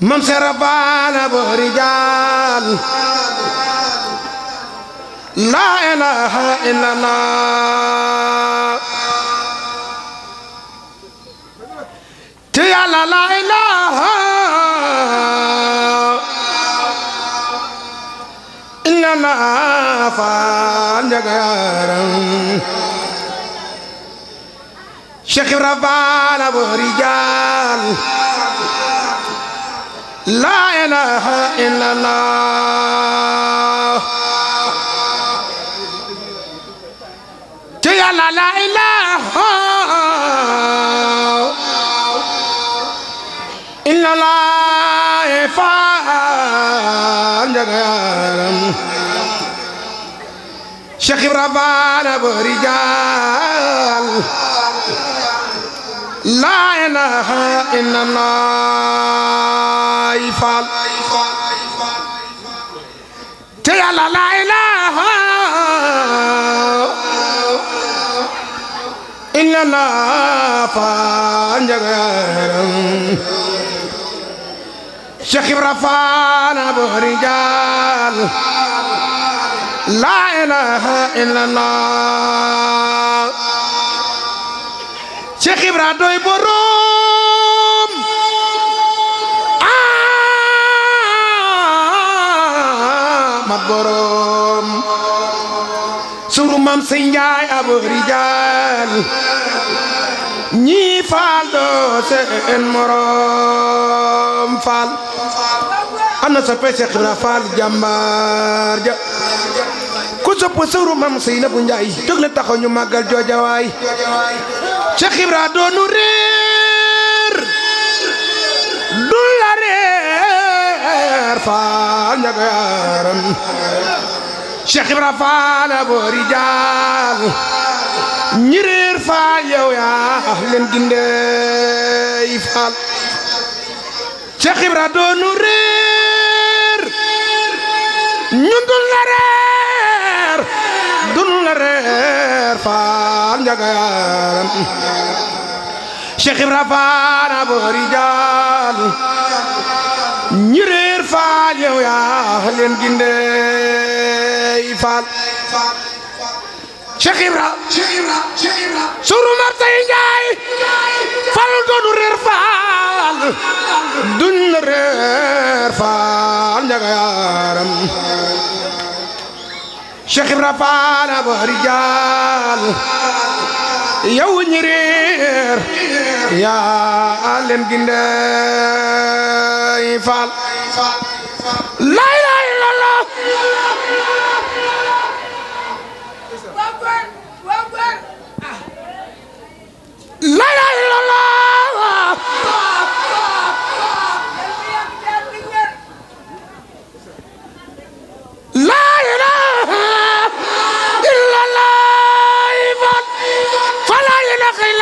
من سربان برجال لا إله إلا الله تيالا لا إله إلا الله فانجارم شيخ ربان برجال لا إله إلا الله تي لا لا إله إلا الله فانجرم شيخ إبراهيم برجال لا إله إلا الله Baay Faal te yàlla la ilaha illa la fa njagaram Cheikh Ibra Faal abu rijal la ilaha illa la Cheikh Ibra doy borom borom suru mam si njaay ñii faal doo seen morom faal ana sa pese xibra faal jàmbaar ja ku sopp suru mam si na bu njaay jóg leen taxaw ñu màggal joojawaay Cheikh Ibra doonu réer du la réer Babacar Fall ña ko yaaram Cheikh Ibra Fall boo rijaal ñi réer Fall yow yaa leen gindeey Fall Cheikh Ibra doonu réer ñun dul la reer dul la reer Fall ña ko yaaram Cheikh Ibra Fall boo rijaal ñi réer faal yow yaa leen gindee faal Cheikh Ibra suru martay njaay faal doonu réer faal duñ na réer faal njaga yaaram Cheikh Ibra faal a bari yow ñi réer yaa leen ginday faal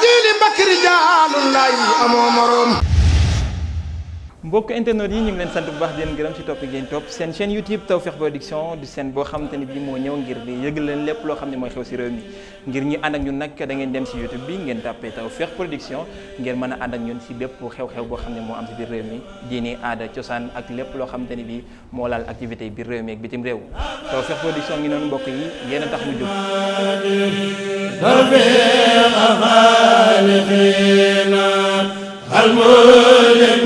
jiili bakri jaalul lay amoo moroom mbokk internet yi ñu ngi leen sant bu baax di leen gërëm ci topp gi ngeen topp seen chaîne YouTube Tawfekh Production di seen boo xamante ni bii moo ñëw ngir di yëgal loo xam ne mooy xew ci réew mi ngir ñu ànd ak ñun nag da ngeen dem ci YouTube bi ngeen tàppee Tawfekh Production ngeen mën a ànd ak ñun ci bépp xew-xew boo xam ne moo am ci biir réew mi diini aada cosaan ak lépp loo xamante ne bii moo laal activité biir réew mi ak bitim réew Tawfekh Production ngi noonu mbokk yi yéen a tax mu jóg.